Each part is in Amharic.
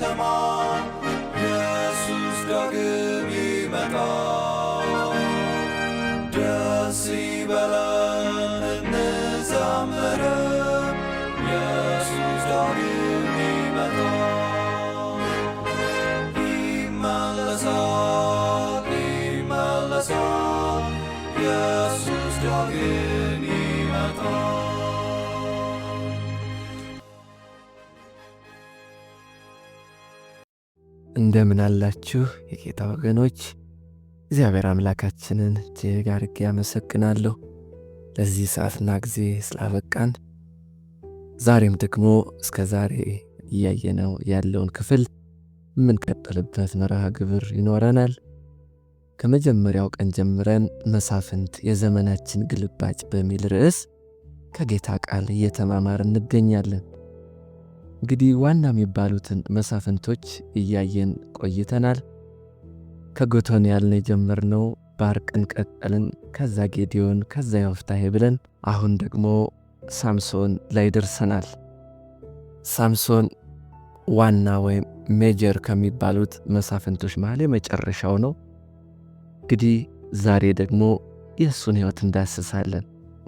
on. እንደምን አላችሁ የጌታ ወገኖች? እግዚአብሔር አምላካችንን እጅግ አድርጌ አመሰግናለሁ ለዚህ ሰዓትና ጊዜ ስላበቃን። ዛሬም ደግሞ እስከ ዛሬ እያየነው ያለውን ክፍል የምንቀጥልበት መርሃ ግብር ይኖረናል። ከመጀመሪያው ቀን ጀምረን መሳፍንት የዘመናችን ግልባጭ በሚል ርዕስ ከጌታ ቃል እየተማማር እንገኛለን። እንግዲህ ዋና የሚባሉትን መሳፍንቶች እያየን ቆይተናል። ከጎቶን ያልን የጀመርነው ባርቅን ቀጠልን፣ ከዛ ጌዲዮን፣ ከዛ ዮፍታሄ ብለን አሁን ደግሞ ሳምሶን ላይ ደርሰናል። ሳምሶን ዋና ወይም ሜጀር ከሚባሉት መሳፍንቶች መሃል የመጨረሻው ነው። እንግዲህ ዛሬ ደግሞ የእሱን ሕይወት እንዳስሳለን።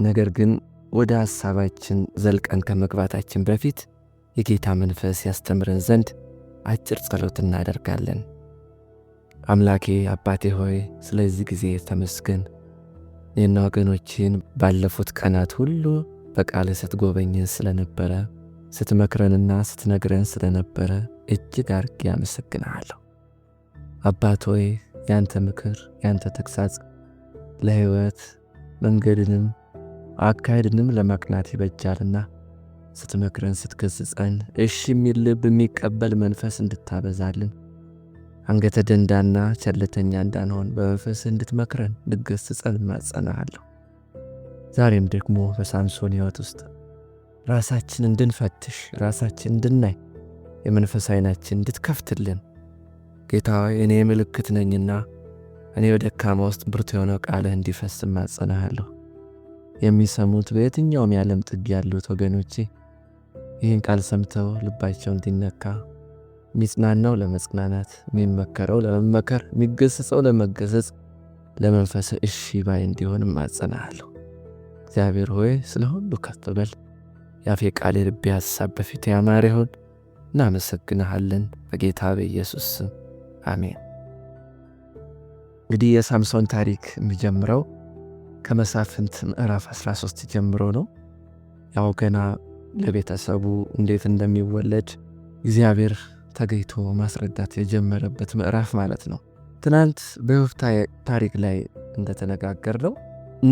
ነገር ግን ወደ ሀሳባችን ዘልቀን ከመግባታችን በፊት የጌታ መንፈስ ያስተምረን ዘንድ አጭር ጸሎት እናደርጋለን። አምላኬ አባቴ ሆይ ስለዚህ ጊዜ ተመስገን። እኔና ወገኖችን ባለፉት ቀናት ሁሉ በቃል ስትጎበኝን ስለነበረ ስትመክረንና ስትነግረን ስለነበረ እጅግ አርጌ አመሰግንሃለሁ። አባት ሆይ ያንተ ምክር ያንተ ተግሳጽ ለሕይወት መንገድንም አካሄድንም ለማቅናት ይበጃልና ስትመክረን፣ ስትገስጸን እሺ የሚል ልብ የሚቀበል መንፈስ እንድታበዛልን አንገተ ደንዳና ቸልተኛ እንዳንሆን በመንፈስ እንድትመክረን እንድገስጸን እማጸናሃለሁ። ዛሬም ደግሞ በሳምሶን ሕይወት ውስጥ ራሳችን እንድንፈትሽ ራሳችን እንድናይ የመንፈስ ዓይናችን እንድትከፍትልን ጌታ ሆይ እኔ ምልክት ነኝና እኔ በደካማ ውስጥ ብርቱ የሆነው ቃልህ እንዲፈስ እማጸናሃለሁ። የሚሰሙት በየትኛውም የዓለም ጥግ ያሉት ወገኖቼ ይህን ቃል ሰምተው ልባቸው እንዲነካ የሚጽናናው ለመጽናናት፣ የሚመከረው ለመመከር፣ የሚገሰጸው ለመገሰጽ፣ ለመንፈስ እሺ ባይ እንዲሆን ማጸናሃለሁ። እግዚአብሔር ሆይ ስለ ሁሉ ከፍ በል። የአፌ ቃል የልቤ ሀሳብ በፊት ያማረ ይሁን። እናመሰግንሃለን በጌታ በኢየሱስ ስም አሜን። እንግዲህ የሳምሶን ታሪክ የሚጀምረው ከመሳፍንት ምዕራፍ 13 ጀምሮ ነው። ያው ገና ለቤተሰቡ እንዴት እንደሚወለድ እግዚአብሔር ተገኝቶ ማስረዳት የጀመረበት ምዕራፍ ማለት ነው። ትናንት በዮብ ታሪክ ላይ ነው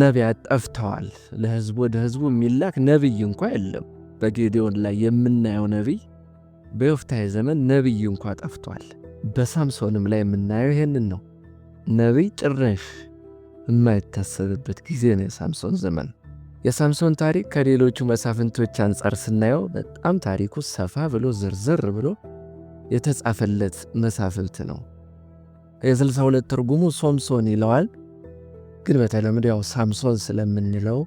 ነቢያት ጠፍተዋል። ለህዝቡ ወደ ህዝቡ የሚላክ ነቢይ እንኳ የለም። በጌዲዮን ላይ የምናየው ነቢይ በዮፍታሔ ዘመን ነቢይ እንኳ ጠፍቷል። በሳምሶንም ላይ የምናየው ይሄንን ነው። ነቢይ ጭራሽ የማይታሰብበት ጊዜ ነው የሳምሶን ዘመን። የሳምሶን ታሪክ ከሌሎቹ መሳፍንቶች አንጻር ስናየው በጣም ታሪኩ ሰፋ ብሎ ዝርዝር ብሎ የተጻፈለት መሳፍንት ነው። የስልሳ ሁለት ትርጉሙ ሶምሶን ይለዋል። ግን በተለምዶ ያው ሳምሶን ስለምንለው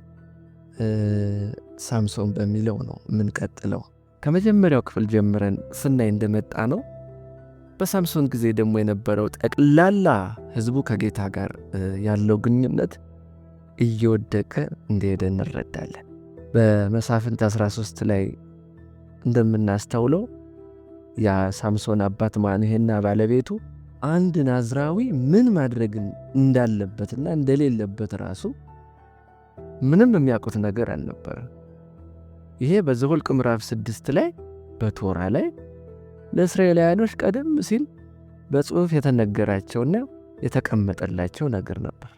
ሳምሶን በሚለው ነው የምንቀጥለው። ከመጀመሪያው ክፍል ጀምረን ስናይ እንደመጣ ነው። በሳምሶን ጊዜ ደግሞ የነበረው ጠቅላላ ሕዝቡ ከጌታ ጋር ያለው ግንኙነት እየወደቀ እንደሄደ እንረዳለን። በመሳፍንት 13 ላይ እንደምናስተውለው የሳምሶን አባት ማንሄና ባለቤቱ አንድ ናዝራዊ ምን ማድረግ እንዳለበትና እንደሌለበት ራሱ ምንም የሚያውቁት ነገር አልነበረ። ይሄ በዘኍልቍ ምዕራፍ ስድስት ላይ በቶራ ላይ ለእስራኤላውያኖች ቀደም ሲል በጽሑፍ የተነገራቸውና የተቀመጠላቸው ነገር ነበር።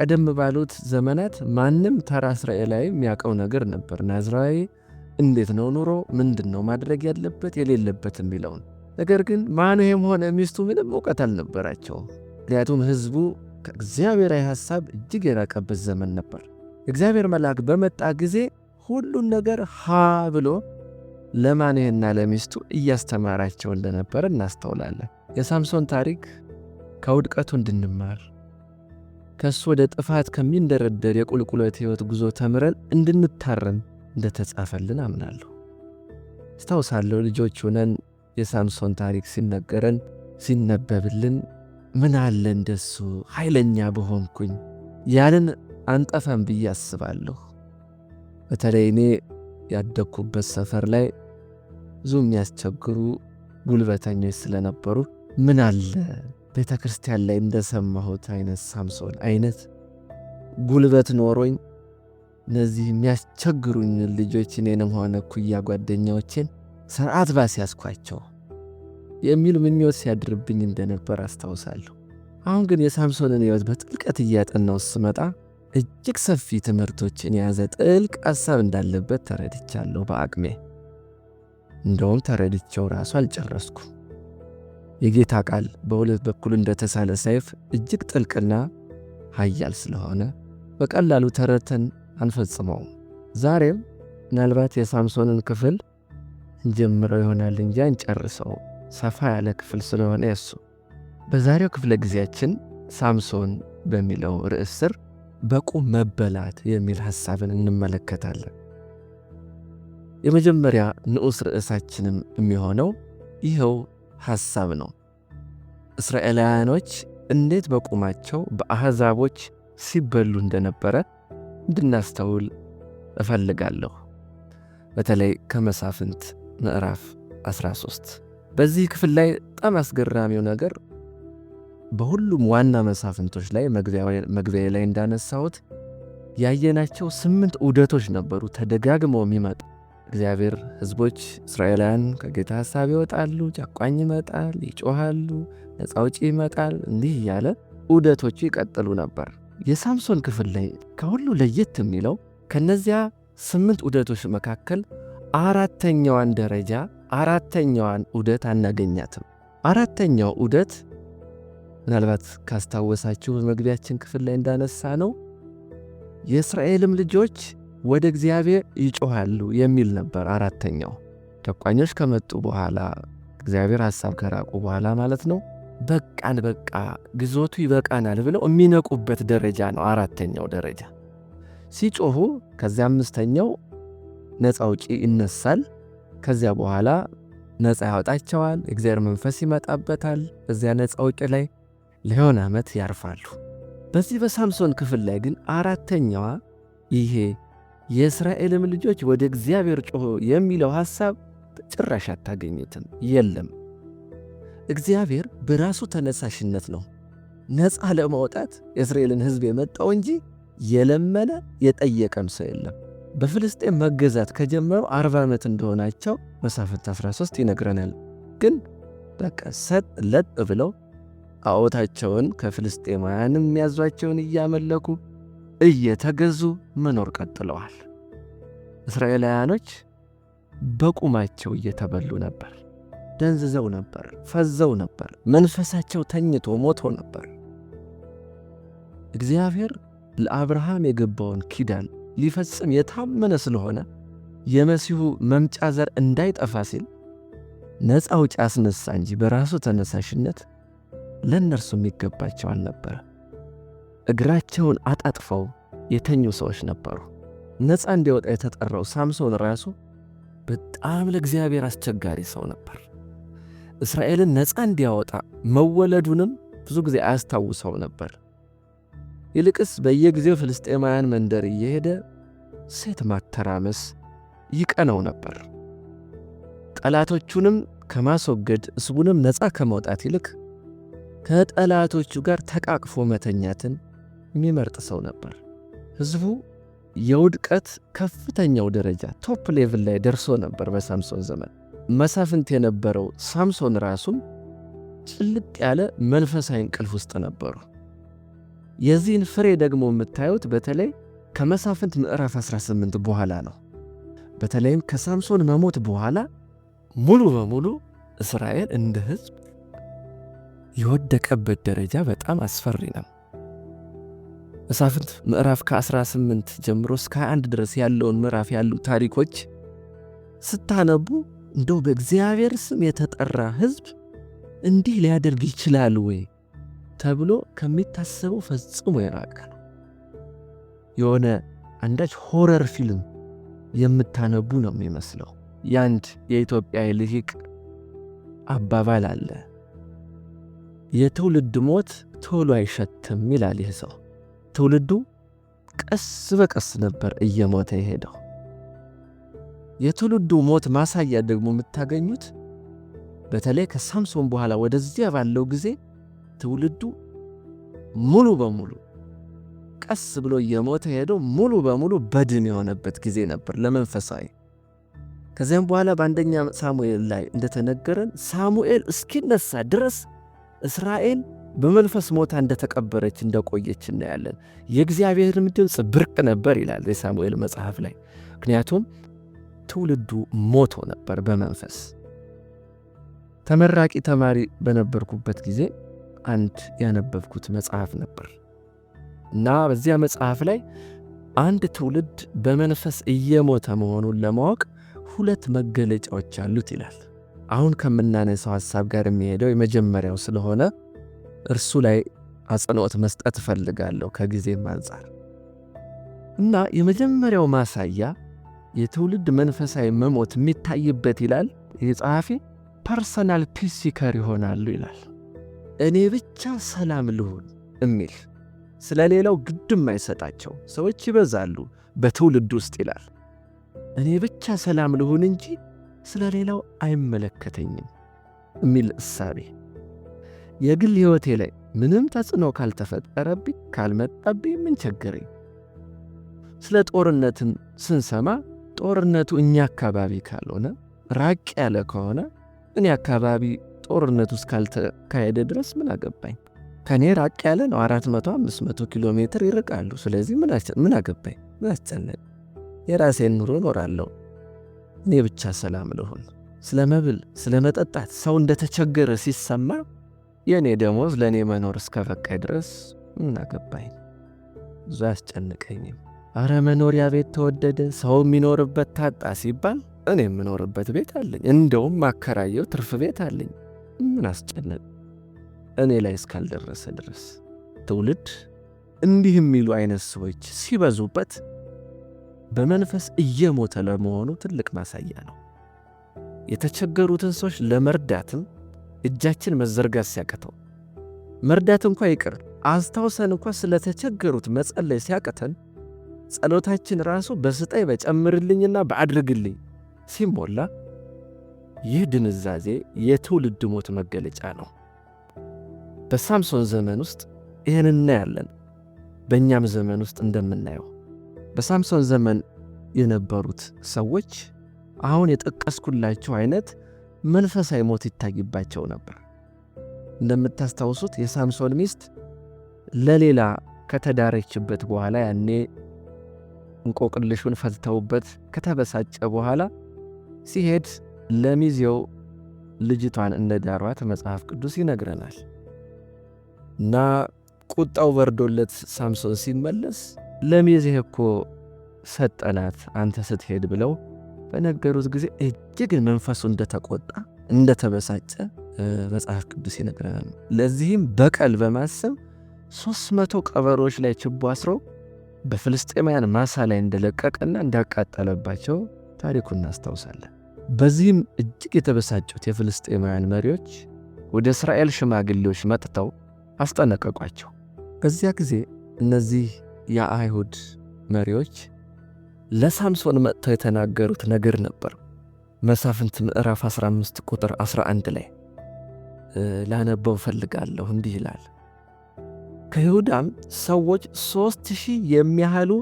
ቀደም ባሉት ዘመናት ማንም ተራ እስራኤላዊ የሚያውቀው ነገር ነበር። ናዝራዊ እንዴት ነው ኑሮ፣ ምንድን ነው ማድረግ ያለበት የሌለበት የሚለውን ነገር ግን ማኑሄም ሆነ ሚስቱ ምንም እውቀት አልነበራቸውም። ምክንያቱም ህዝቡ ከእግዚአብሔራዊ ሐሳብ እጅግ የራቀበት ዘመን ነበር። እግዚአብሔር መልአክ በመጣ ጊዜ ሁሉን ነገር ሃ ብሎ ለማኑሄና ለሚስቱ እያስተማራቸው እንደነበረ እናስተውላለን። የሳምሶን ታሪክ ከውድቀቱ እንድንማር ከእሱ ወደ ጥፋት ከሚንደረደር የቁልቁለት ሕይወት ጉዞ ተምረን እንድንታረም እንደተጻፈልን አምናለሁ። ስታውሳለሁ ልጆች ሆነን የሳምሶን ታሪክ ሲነገረን ሲነበብልን ምን አለ እንደሱ ኃይለኛ በሆንኩኝ ያንን አንጠፈም ብዬ አስባለሁ። በተለይ እኔ ያደግኩበት ሰፈር ላይ ብዙ የሚያስቸግሩ ጉልበተኞች ስለነበሩ ምን አለ ቤተ ክርስቲያን ላይ እንደሰማሁት አይነት ሳምሶን አይነት ጉልበት ኖሮኝ እነዚህ የሚያስቸግሩኝ ልጆች እኔንም ሆነ ኩያ ጓደኛዎችን ስርዓት ባስያዝኳቸው የሚል ምኞት ሲያድርብኝ እንደነበር አስታውሳለሁ። አሁን ግን የሳምሶንን ሕይወት በጥልቀት እያጠናው ስመጣ እጅግ ሰፊ ትምህርቶችን የያዘ ጥልቅ ሐሳብ እንዳለበት ተረድቻለሁ። በአቅሜ እንደውም ተረድቸው ራሱ አልጨረስኩም። የጌታ ቃል በሁለት በኩል እንደተሳለ ሰይፍ እጅግ ጥልቅና ኃያል ስለሆነ በቀላሉ ተረተን አንፈጽመውም። ዛሬም ምናልባት የሳምሶንን ክፍል እንጀምረው ይሆናል እንጂ አንጨርሰው፣ ሰፋ ያለ ክፍል ስለሆነ የሱ በዛሬው ክፍለ ጊዜያችን ሳምሶን በሚለው ርዕስ ስር በቁም መበላት የሚል ሐሳብን እንመለከታለን። የመጀመሪያ ንዑስ ርዕሳችንም የሚሆነው ይኸው ሐሳብ ነው። እስራኤላውያኖች እንዴት በቁማቸው በአሕዛቦች ሲበሉ እንደነበረ እንድናስተውል እፈልጋለሁ። በተለይ ከመሳፍንት ምዕራፍ 13 በዚህ ክፍል ላይ በጣም አስገራሚው ነገር በሁሉም ዋና መሳፍንቶች ላይ መግቢያ ላይ እንዳነሳሁት ያየናቸው ስምንት ዑደቶች ነበሩ ተደጋግመው የሚመጡ እግዚአብሔር ህዝቦች እስራኤላውያን ከጌታ ሀሳብ ይወጣሉ። ጨቋኝ ይመጣል፣ ይጮሃሉ፣ ነፃ አውጪ ይመጣል። እንዲህ እያለ ዑደቶቹ ይቀጥሉ ነበር። የሳምሶን ክፍል ላይ ከሁሉ ለየት የሚለው ከነዚያ ስምንት ዑደቶች መካከል አራተኛዋን ደረጃ አራተኛዋን ዑደት አናገኛትም። አራተኛው ዑደት ምናልባት ካስታወሳችሁ መግቢያችን ክፍል ላይ እንዳነሳ ነው የእስራኤልም ልጆች ወደ እግዚአብሔር ይጮሃሉ የሚል ነበር። አራተኛው ጨቋኞች ከመጡ በኋላ እግዚአብሔር ሐሳብ ከራቁ በኋላ ማለት ነው። በቃን በቃ ግዞቱ ይበቃናል ብለው የሚነቁበት ደረጃ ነው አራተኛው ደረጃ ሲጮሁ። ከዚያ አምስተኛው ነፃ አውጪ ይነሳል። ከዚያ በኋላ ነፃ ያወጣቸዋል። እግዚአብሔር መንፈስ ይመጣበታል። እዚያ ነፃ አውጪ ላይ ለሆነ ዓመት ያርፋሉ። በዚህ በሳምሶን ክፍል ላይ ግን አራተኛዋ ይሄ የእስራኤልም ልጆች ወደ እግዚአብሔር ጮኹ የሚለው ሐሳብ ጭራሽ አታገኙትም፣ የለም። እግዚአብሔር በራሱ ተነሳሽነት ነው ነፃ ለማውጣት የእስራኤልን ሕዝብ የመጣው እንጂ የለመነ የጠየቀም ሰው የለም። በፍልስጤም መገዛት ከጀመሩ 40 ዓመት እንደሆናቸው መሳፍንት 13 ይነግረናል። ግን በቃ ሰጥ ለጥ ብለው ጣዖታቸውን ከፍልስጤማውያንም ያዟቸውን እያመለኩ እየተገዙ መኖር ቀጥለዋል። እስራኤላውያኖች በቁማቸው እየተበሉ ነበር፣ ደንዝዘው ነበር፣ ፈዘው ነበር። መንፈሳቸው ተኝቶ ሞቶ ነበር። እግዚአብሔር ለአብርሃም የገባውን ኪዳን ሊፈጽም የታመነ ስለሆነ የመሲሁ መምጫ ዘር እንዳይጠፋ ሲል ነፃ አውጪ አስነሳ እንጂ በራሱ ተነሳሽነት ለእነርሱ የሚገባቸው ነበር። እግራቸውን አጣጥፈው የተኙ ሰዎች ነበሩ። ነፃ እንዲወጣ የተጠራው ሳምሶን ራሱ በጣም ለእግዚአብሔር አስቸጋሪ ሰው ነበር። እስራኤልን ነፃ እንዲያወጣ መወለዱንም ብዙ ጊዜ አያስታውሰው ነበር። ይልቅስ በየጊዜው ፍልስጤማውያን መንደር እየሄደ ሴት ማተራመስ ይቀነው ነበር። ጠላቶቹንም ከማስወገድ ሕዝቡንም ነፃ ከመውጣት ይልቅ ከጠላቶቹ ጋር ተቃቅፎ መተኛትን የሚመርጥ ሰው ነበር። ህዝቡ የውድቀት ከፍተኛው ደረጃ ቶፕ ሌቭል ላይ ደርሶ ነበር። በሳምሶን ዘመን መሳፍንት የነበረው ሳምሶን ራሱም ጭልጥ ያለ መንፈሳዊ እንቅልፍ ውስጥ ነበሩ። የዚህን ፍሬ ደግሞ የምታዩት በተለይ ከመሳፍንት ምዕራፍ 18 በኋላ ነው። በተለይም ከሳምሶን መሞት በኋላ ሙሉ በሙሉ እስራኤል እንደ ህዝብ የወደቀበት ደረጃ በጣም አስፈሪ ነው። መሳፍንት ምዕራፍ ከ18 ጀምሮ እስከ 21 ድረስ ያለውን ምዕራፍ ያሉ ታሪኮች ስታነቡ እንደው በእግዚአብሔር ስም የተጠራ ሕዝብ እንዲህ ሊያደርግ ይችላል ወይ ተብሎ ከሚታሰበው ፈጽሞ የራቀ ነው። የሆነ አንዳች ሆረር ፊልም የምታነቡ ነው የሚመስለው። የአንድ የኢትዮጵያ ልሂቅ አባባል አለ፣ የትውልድ ሞት ቶሎ አይሸትም ይላል ይህ ሰው። ትውልዱ ቀስ በቀስ ነበር እየሞተ የሄደው። የትውልዱ ሞት ማሳያ ደግሞ የምታገኙት በተለይ ከሳምሶን በኋላ ወደዚያ ባለው ጊዜ ትውልዱ ሙሉ በሙሉ ቀስ ብሎ እየሞተ ሄደው ሙሉ በሙሉ በድን የሆነበት ጊዜ ነበር ለመንፈሳዊ። ከዚያም በኋላ በአንደኛ ሳሙኤል ላይ እንደተነገረን ሳሙኤል እስኪነሳ ድረስ እስራኤል በመንፈስ ሞታ እንደተቀበረች እንደቆየች እናያለን። የእግዚአብሔርም ድምፅ ብርቅ ነበር ይላል የሳሙኤል መጽሐፍ ላይ። ምክንያቱም ትውልዱ ሞቶ ነበር በመንፈስ። ተመራቂ ተማሪ በነበርኩበት ጊዜ አንድ ያነበብኩት መጽሐፍ ነበር እና በዚያ መጽሐፍ ላይ አንድ ትውልድ በመንፈስ እየሞተ መሆኑን ለማወቅ ሁለት መገለጫዎች አሉት ይላል። አሁን ከምናነሳው ሐሳብ ጋር የሚሄደው የመጀመሪያው ስለሆነ እርሱ ላይ አጽንኦት መስጠት እፈልጋለሁ ከጊዜም አንጻር እና የመጀመሪያው ማሳያ የትውልድ መንፈሳዊ መሞት የሚታይበት ይላል ይህ ጸሐፊ ፐርሰናል ፒሲከር ይሆናሉ ይላል። እኔ ብቻ ሰላም ልሁን እሚል ስለ ሌላው ግድም አይሰጣቸው ሰዎች ይበዛሉ በትውልድ ውስጥ ይላል። እኔ ብቻ ሰላም ልሁን እንጂ ስለ ሌላው አይመለከተኝም እሚል እሳቤ የግል ሕይወቴ ላይ ምንም ተጽዕኖ ካልተፈጠረብኝ ካልመጣብኝ ምን ቸገረኝ? ስለ ጦርነትም ስንሰማ ጦርነቱ እኛ አካባቢ ካልሆነ ራቅ ያለ ከሆነ እኔ አካባቢ ጦርነቱ እስካልተካሄደ ድረስ ምን አገባኝ? ከእኔ ራቅ ያለ ነው፣ 400 500 ኪሎ ሜትር ይርቃሉ። ስለዚህ ምን አገባኝ? ምን አስጨነቅ? የራሴን ኑሮ እኖራለሁ። እኔ ብቻ ሰላም ልሆን። ስለ መብል ስለ መጠጣት ሰው እንደተቸገረ ሲሰማ የእኔ ደሞዝ ለእኔ መኖር እስከበቃኝ ድረስ እናገባኝ ብዙ አያስጨንቀኝም። አረ መኖሪያ ቤት ተወደደ፣ ሰው የሚኖርበት ታጣ ሲባል እኔ የምኖርበት ቤት አለኝ። እንደውም ማከራየው ትርፍ ቤት አለኝ። ምን አስጨነቅ? እኔ ላይ እስካልደረሰ ድረስ ትውልድ እንዲህ የሚሉ አይነት ሰዎች ሲበዙበት በመንፈስ እየሞተ ለመሆኑ ትልቅ ማሳያ ነው። የተቸገሩትን ሰዎች ለመርዳትም እጃችን መዘርጋት ሲያቀተው መርዳት እንኳ ይቅር አስታውሰን እንኳ ስለተቸገሩት መጸለይ ሲያቀተን ጸሎታችን ራሱ በስጠይ በጨምርልኝና በአድርግልኝ ሲሞላ ይህ ድንዛዜ የትውልድ ሞት መገለጫ ነው። በሳምሶን ዘመን ውስጥ ይህን እናያለን። በእኛም ዘመን ውስጥ እንደምናየው በሳምሶን ዘመን የነበሩት ሰዎች አሁን የጠቀስኩላችሁ አይነት መንፈሳዊ ሞት ይታይባቸው ነበር። እንደምታስታውሱት የሳምሶን ሚስት ለሌላ ከተዳረችበት በኋላ ያኔ እንቆቅልሹን ፈትተውበት ከተበሳጨ በኋላ ሲሄድ ለሚዜው ልጅቷን እንደ ዳሯት መጽሐፍ ቅዱስ ይነግረናል። እና ቁጣው በርዶለት ሳምሶን ሲመለስ ለሚዜህ እኮ ሰጠናት አንተ ስትሄድ ብለው በነገሩት ጊዜ እጅግ መንፈሱ እንደተቆጣ እንደተበሳጨ መጽሐፍ ቅዱስ ይነግረናል። ለዚህም በቀል በማሰብ ሶስት መቶ ቀበሮዎች ላይ ችቦ አስሮ በፍልስጤማውያን ማሳ ላይ እንደለቀቀና እንዳቃጠለባቸው ታሪኩ እናስታውሳለን። በዚህም እጅግ የተበሳጩት የፍልስጤማውያን መሪዎች ወደ እስራኤል ሽማግሌዎች መጥተው አስጠነቀቋቸው። በዚያ ጊዜ እነዚህ የአይሁድ መሪዎች ለሳምሶን መጥተው የተናገሩት ነገር ነበር። መሳፍንት ምዕራፍ 15 ቁጥር 11 ላይ ላነበው ፈልጋለሁ። እንዲህ ይላል ከይሁዳም ሰዎች ሦስት ሺህ የሚያህሉ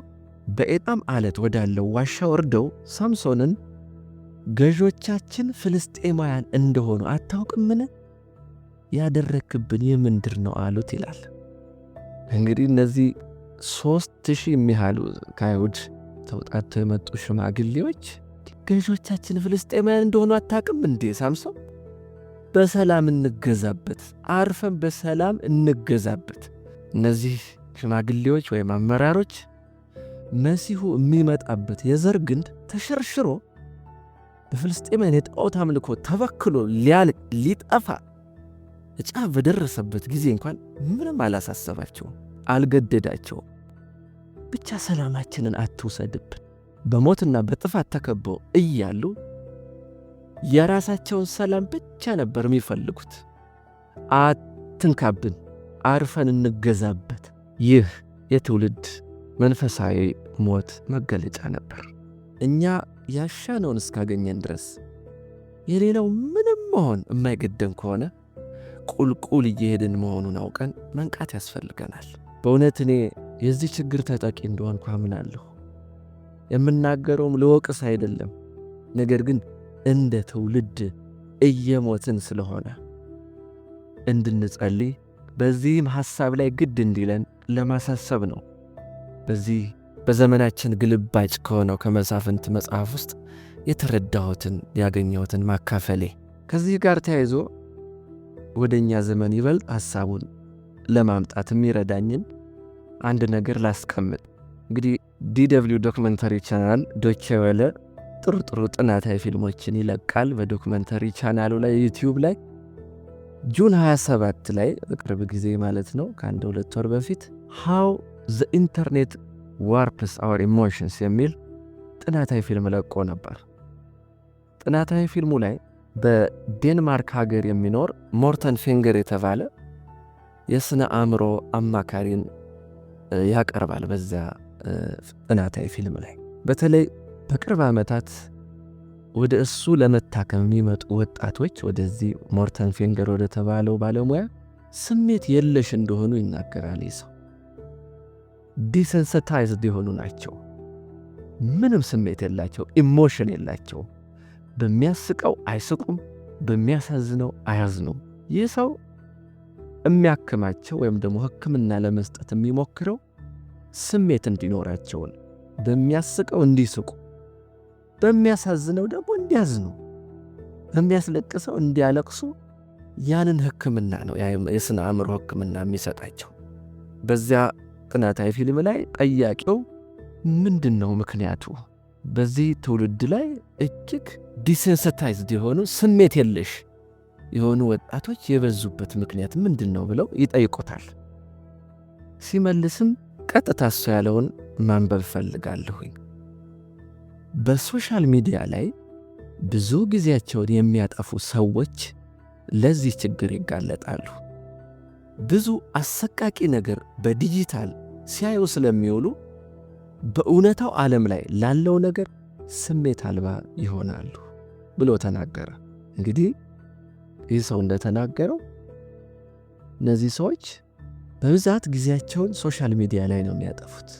በኤጣም አለት ወዳለው ዋሻ ወርደው ሳምሶንን ገዦቻችን ፍልስጤማውያን እንደሆኑ አታውቅምን? ያደረክብን የምንድር ነው አሉት ይላል። እንግዲህ እነዚህ ሦስት ሺህ የሚያህሉ ከአይሁድ ተውጣተው የመጡ ሽማግሌዎች ገዦቻችን ፍልስጤማውያን እንደሆኑ አታቅም እንዴ ሳምሶን? በሰላም እንገዛበት፣ አርፈን በሰላም እንገዛበት። እነዚህ ሽማግሌዎች ወይም አመራሮች መሲሁ የሚመጣበት የዘር ግንድ ተሸርሽሮ በፍልስጤማውያን የጣዖት አምልኮ ተበክሎ ሊያልቅ ሊጠፋ እጫ በደረሰበት ጊዜ እንኳን ምንም አላሳሰባቸውም፣ አልገደዳቸውም። ብቻ ሰላማችንን አትውሰድብን። በሞትና በጥፋት ተከበው እያሉ የራሳቸውን ሰላም ብቻ ነበር የሚፈልጉት። አትንካብን፣ አርፈን እንገዛበት። ይህ የትውልድ መንፈሳዊ ሞት መገለጫ ነበር። እኛ ያሻነውን እስካገኘን ድረስ የሌላው ምንም መሆን የማይገደን ከሆነ ቁልቁል እየሄድን መሆኑን አውቀን መንቃት ያስፈልገናል። በእውነት እኔ የዚህ ችግር ተጠቂ እንደሆንኩ አምናለሁ። የምናገረውም ልወቅስ አይደለም፣ ነገር ግን እንደ ትውልድ እየሞትን ስለሆነ እንድንጸልይ በዚህም ሐሳብ ላይ ግድ እንዲለን ለማሳሰብ ነው። በዚህ በዘመናችን ግልባጭ ከሆነው ከመሳፍንት መጽሐፍ ውስጥ የተረዳሁትን ያገኘሁትን ማካፈሌ ከዚህ ጋር ተያይዞ ወደ እኛ ዘመን ይበልጥ ሐሳቡን ለማምጣትም ይረዳኝን አንድ ነገር ላስቀምጥ። እንግዲህ ዲደብሊው ዶክመንተሪ ቻናል ዶቼ ወለ ጥሩ ጥሩ ጥናታዊ ፊልሞችን ይለቃል በዶክመንተሪ ቻናሉ ላይ ዩቲዩብ ላይ። ጁን 27 ላይ በቅርብ ጊዜ ማለት ነው ከአንድ ሁለት ወር በፊት ሃው ዘ ኢንተርኔት ዋርፕስ አወር ኢሞሽንስ የሚል ጥናታዊ ፊልም ለቆ ነበር። ጥናታዊ ፊልሙ ላይ በዴንማርክ ሀገር የሚኖር ሞርተን ፊንገር የተባለ የሥነ አእምሮ አማካሪን ያቀርባል። በዛ ጥናታዊ ፊልም ላይ በተለይ በቅርብ ዓመታት ወደ እሱ ለመታከም የሚመጡ ወጣቶች ወደዚህ ሞርተን ፊንገር ወደ ተባለው ባለሙያ ስሜት የለሽ እንደሆኑ ይናገራል። ሰው ዲሰንሰታይዝድ የሆኑ ናቸው። ምንም ስሜት የላቸው፣ ኢሞሽን የላቸው። በሚያስቀው አይስቁም፣ በሚያሳዝነው አያዝኑም። ይህ ሰው የሚያክማቸው ወይም ደግሞ ሕክምና ለመስጠት የሚሞክረው ስሜት እንዲኖራቸውን በሚያስቀው እንዲስቁ፣ በሚያሳዝነው ደግሞ እንዲያዝኑ፣ በሚያስለቅሰው እንዲያለቅሱ ያንን ሕክምና ነው የስነ አእምሮ ሕክምና የሚሰጣቸው። በዚያ ጥናታዊ ፊልም ላይ ጠያቂው ምንድን ነው ምክንያቱ በዚህ ትውልድ ላይ እጅግ ዲሴንሰታይዝድ የሆኑ ስሜት የለሽ የሆኑ ወጣቶች የበዙበት ምክንያት ምንድን ነው ብለው ይጠይቁታል። ሲመልስም ቀጥታ እሱ ያለውን ማንበብ ፈልጋለሁኝ። በሶሻል ሚዲያ ላይ ብዙ ጊዜያቸውን የሚያጠፉ ሰዎች ለዚህ ችግር ይጋለጣሉ። ብዙ አሰቃቂ ነገር በዲጂታል ሲያዩ ስለሚውሉ በእውነታው ዓለም ላይ ላለው ነገር ስሜት አልባ ይሆናሉ ብሎ ተናገረ። እንግዲህ ይህ ሰው እንደተናገረው እነዚህ ሰዎች በብዛት ጊዜያቸውን ሶሻል ሚዲያ ላይ ነው የሚያጠፉት።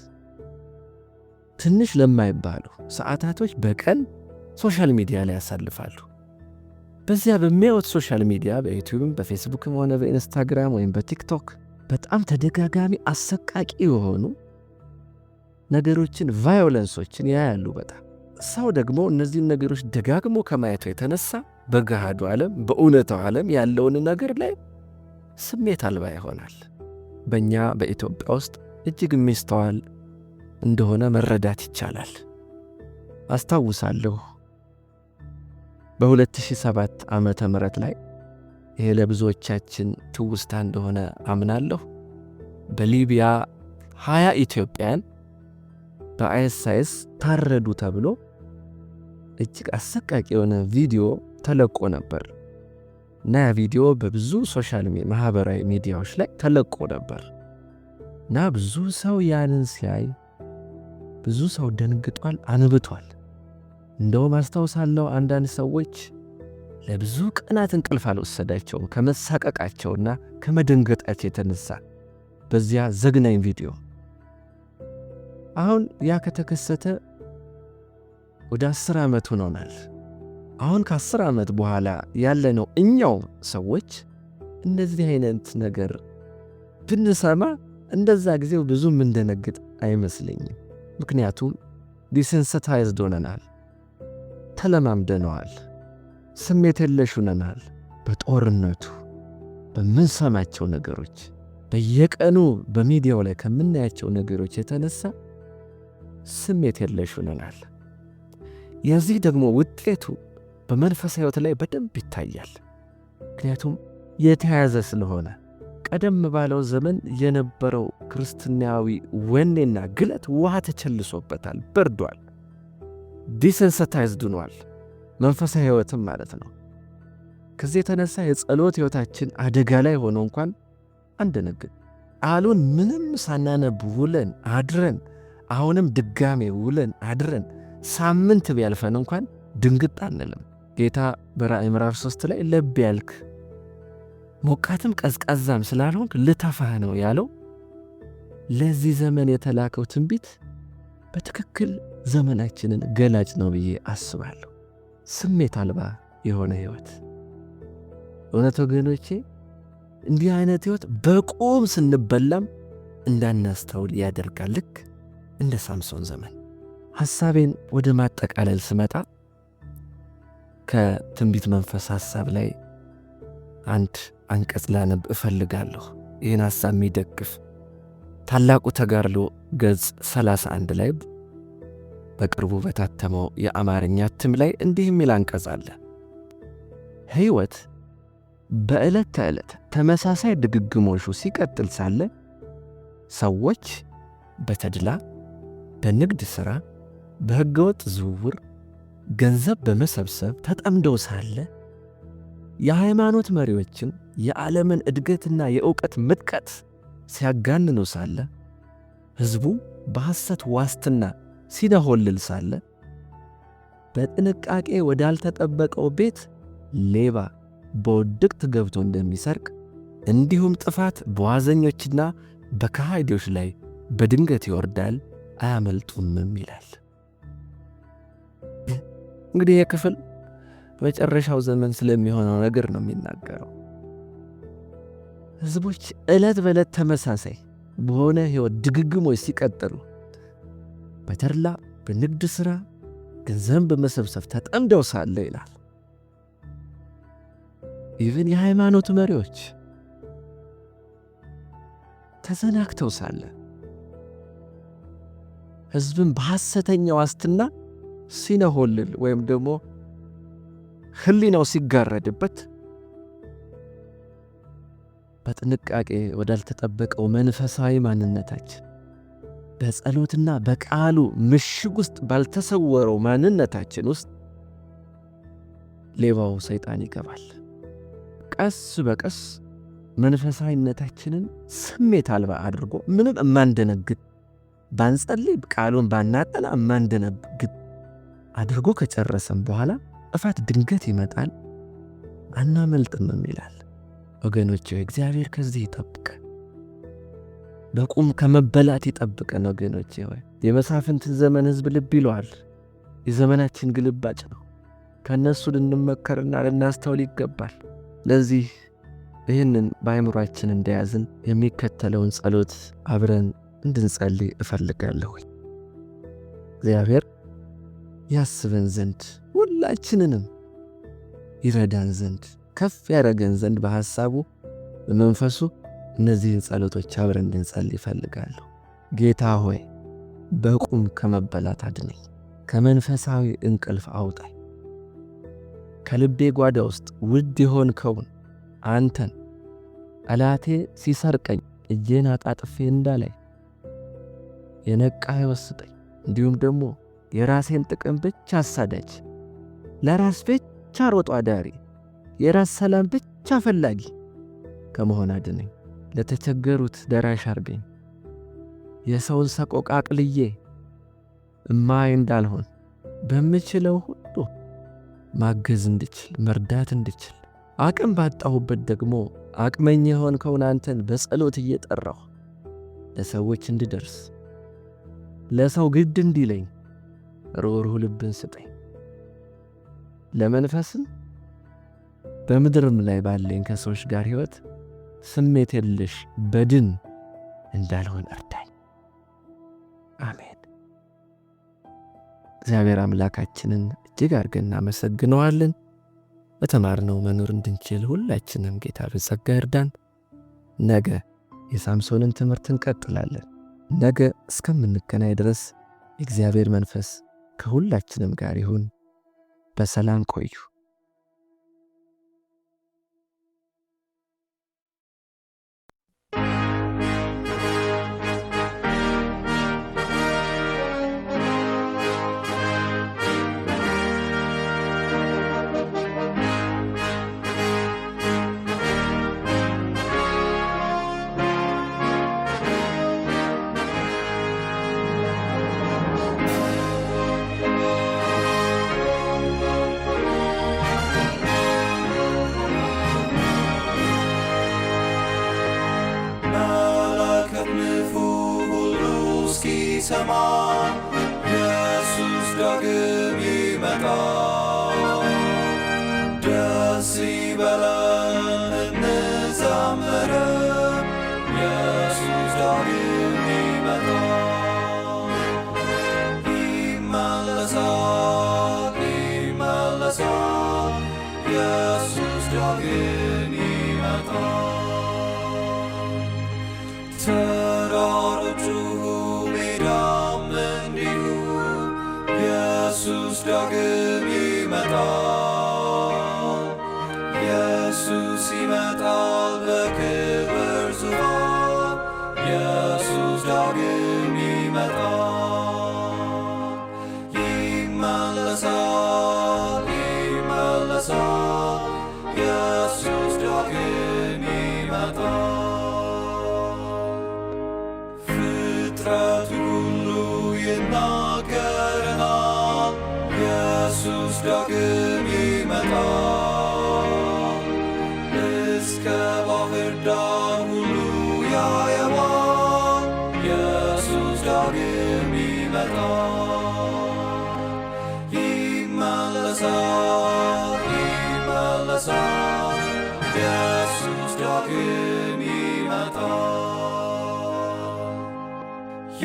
ትንሽ ለማይባሉ ሰዓታቶች በቀን ሶሻል ሚዲያ ላይ ያሳልፋሉ። በዚያ በሚያዩት ሶሻል ሚዲያ በዩቲዩብም በፌስቡክም ሆነ በኢንስታግራም ወይም በቲክቶክ በጣም ተደጋጋሚ አሰቃቂ የሆኑ ነገሮችን ቫዮለንሶችን ያያሉ። በጣም ሰው ደግሞ እነዚህን ነገሮች ደጋግሞ ከማየቱ የተነሳ በገሃዱ ዓለም በእውነታው ዓለም ያለውን ነገር ላይ ስሜት አልባ ይሆናል። በእኛ በኢትዮጵያ ውስጥ እጅግ የሚስተዋል እንደሆነ መረዳት ይቻላል። አስታውሳለሁ በ2007 ዓመተ ምህረት ላይ ይሄ ለብዙዎቻችን ትውስታ እንደሆነ አምናለሁ። በሊቢያ 20 ኢትዮጵያን በአይኤስአይኤስ ታረዱ ተብሎ እጅግ አሰቃቂ የሆነ ቪዲዮ ተለቆ ነበር። እና ያ ቪዲዮ በብዙ ሶሻል ማህበራዊ ሚዲያዎች ላይ ተለቆ ነበር እና ብዙ ሰው ያንን ሲያይ ብዙ ሰው ደንግጧል፣ አንብቷል። እንደውም አስታውሳለሁ አንዳንድ ሰዎች ለብዙ ቀናት እንቅልፍ አልወሰዳቸውም ከመሳቀቃቸውና ከመደንገጣቸው የተነሳ በዚያ ዘግናኝ ቪዲዮ። አሁን ያ ከተከሰተ ወደ አስር ዓመት ሆኖናል። አሁን ከአስር ዓመት በኋላ ያለነው እኛው ሰዎች እንደዚህ አይነት ነገር ብንሰማ እንደዛ ጊዜው ብዙ ምንደነግጥ አይመስለኝም። ምክንያቱም ዲሴንሰታይዝድ ሆነናል፣ ተለማምደነዋል፣ ስሜት የለሽ ሆነናል። በጦርነቱ በምንሰማቸው ነገሮች፣ በየቀኑ በሚዲያው ላይ ከምናያቸው ነገሮች የተነሳ ስሜት የለሽ ሆነናል። የዚህ ደግሞ ውጤቱ በመንፈሳዊ ሕይወት ላይ በደንብ ይታያል። ምክንያቱም የተያያዘ ስለሆነ ቀደም ባለው ዘመን የነበረው ክርስትናዊ ወኔና ግለት ውሃ ተቸልሶበታል፣ በርዷል፣ ዲሰንሰታይዝድ ሆኗል። መንፈሳዊ ሕይወትም ማለት ነው። ከዚህ የተነሳ የጸሎት ሕይወታችን አደጋ ላይ ሆኖ እንኳን አንደነግጥ። ቃሉን ምንም ሳናነብ ውለን አድረን አሁንም ድጋሜ ውለን አድረን ሳምንት ቢያልፈን እንኳን ድንግጥ አንልም። ጌታ በራእይ ምዕራፍ 3 ላይ ለብ ያልክ ሞቃትም ቀዝቃዛም ስላልሆንክ ልተፋህ ነው ያለው። ለዚህ ዘመን የተላከው ትንቢት በትክክል ዘመናችንን ገላጭ ነው ብዬ አስባለሁ። ስሜት አልባ የሆነ ሕይወት። እውነት ወገኖቼ፣ እንዲህ አይነት ሕይወት በቁም ስንበላም እንዳናስተውል ያደርጋል። ልክ እንደ ሳምሶን ዘመን። ሐሳቤን ወደ ማጠቃለል ስመጣ ከትንቢት መንፈስ ሐሳብ ላይ አንድ አንቀጽ ላነብ እፈልጋለሁ። ይህን ሐሳብ የሚደግፍ ታላቁ ተጋድሎ ገጽ 31 ላይ በቅርቡ በታተመው የአማርኛ እትም ላይ እንዲህ የሚል አንቀጽ አለ። ሕይወት በዕለት ተዕለት ተመሳሳይ ድግግሞሹ ሲቀጥል ሳለ ሰዎች በተድላ፣ በንግድ ሥራ፣ በሕገወጥ ዝውውር ገንዘብ በመሰብሰብ ተጠምደው ሳለ የሃይማኖት መሪዎችን የዓለምን እድገትና የእውቀት ምጥቀት ሲያጋንኑ ሳለ ሕዝቡ በሐሰት ዋስትና ሲደሆልል ሳለ በጥንቃቄ ወዳልተጠበቀው ቤት ሌባ በውድቅት ገብቶ እንደሚሰርቅ እንዲሁም ጥፋት በዋዘኞችና በካሃዲዎች ላይ በድንገት ይወርዳል፣ አያመልጡምም ይላል። እንግዲህ ይህ ክፍል መጨረሻው ዘመን ስለሚሆነው ነገር ነው የሚናገረው። ህዝቦች ዕለት በዕለት ተመሳሳይ በሆነ ህይወት ድግግሞች ሲቀጥሉ በተላ በንግድ ሥራ ገንዘብ በመሰብሰብ ተጠምደው ሳለ ይላል ኢቨን የሃይማኖት መሪዎች ተዘናግተው ሳለ ህዝብን በሐሰተኛ ዋስትና ሲነሆልል ወይም ደግሞ ህሊናው ሲጋረድበት በጥንቃቄ ወዳልተጠበቀው መንፈሳዊ ማንነታችን በጸሎትና በቃሉ ምሽግ ውስጥ ባልተሰወረው ማንነታችን ውስጥ ሌባው ሰይጣን ይገባል። ቀስ በቀስ መንፈሳዊነታችንን ስሜት አልባ አድርጎ ምንም እማንደነግጥ ባንጸልይ ቃሉን ባናጠና እማንደነግጥ አድርጎ ከጨረሰም በኋላ ጥፋት ድንገት ይመጣል፣ አናመልጥምም ይላል። ወገኖች እግዚአብሔር ከዚህ ይጠብቀ፣ በቁም ከመበላት ይጠብቀን። ወገኖች ወይ የመሳፍንትን ዘመን ህዝብ ልብ ይለዋል፣ የዘመናችን ግልባጭ ነው። ከእነሱ ልንመከርና ልናስተውል ይገባል። ለዚህ ይህንን በአይምሯችን እንደያዝን የሚከተለውን ጸሎት አብረን እንድንጸልይ እፈልጋለሁ። እግዚአብሔር ያስበን ዘንድ ሁላችንንም ይረዳን ዘንድ ከፍ ያደረገን ዘንድ በሐሳቡ በመንፈሱ እነዚህን ጸሎቶች አብረን እንድንጸል ይፈልጋሉ። ጌታ ሆይ በቁም ከመበላት አድነኝ፣ ከመንፈሳዊ እንቅልፍ አውጣኝ። ከልቤ ጓዳ ውስጥ ውድ የሆንከውን አንተን ጠላቴ ሲሰርቀኝ እጄን አጣጥፌ እንዳላይ የነቃ ይወስጠኝ እንዲሁም ደግሞ የራሴን ጥቅም ብቻ አሳዳጅ፣ ለራስ ብቻ ሮጦ አዳሪ፣ የራስ ሰላም ብቻ ፈላጊ ከመሆን አድነኝ። ለተቸገሩት ደራሽ አርገኝ። የሰውን ሰቆቃ አቅልዬ እማይ እንዳልሆን በምችለው ሁሉ ማገዝ እንድችል መርዳት እንድችል አቅም ባጣሁበት ደግሞ አቅመኝ የሆንከውን አንተን በጸሎት እየጠራሁ ለሰዎች እንድደርስ ለሰው ግድ እንዲለኝ ርኅሩህ ልብን ስጠኝ። ለመንፈስም በምድርም ላይ ባለኝ ከሰዎች ጋር ሕይወት ስሜት የለሽ በድን እንዳልሆን እርዳኝ። አሜን። እግዚአብሔር አምላካችንን እጅግ አድርገን እናመሰግነዋለን። በተማርነው መኖር እንድንችል ሁላችንም ጌታ በጸጋ እርዳን። ነገ የሳምሶንን ትምህርት እንቀጥላለን። ነገ እስከምንገናኝ ድረስ የእግዚአብሔር መንፈስ ከሁላችንም ጋር ይሁን። በሰላም ቆዩ። ሰማ ኢየሱስ ዳግም ይመጣል።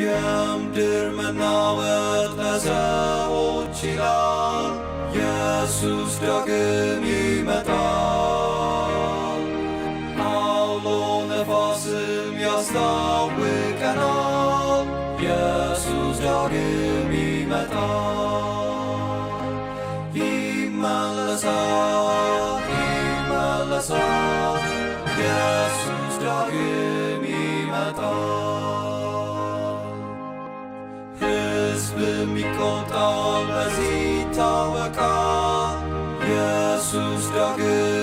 የምድር መናወጥ ለሰዎች ይላል። ኢየሱስ ዳግም ይመጣል። አውሎ ነፋስም ያስታውቀናል። ኢየሱስ ዳግም ይመጣል። ይመለሳል፣ ይመለሳል ሲወጣ ለዚህ ይታወቃል ኢየሱስ ዳግም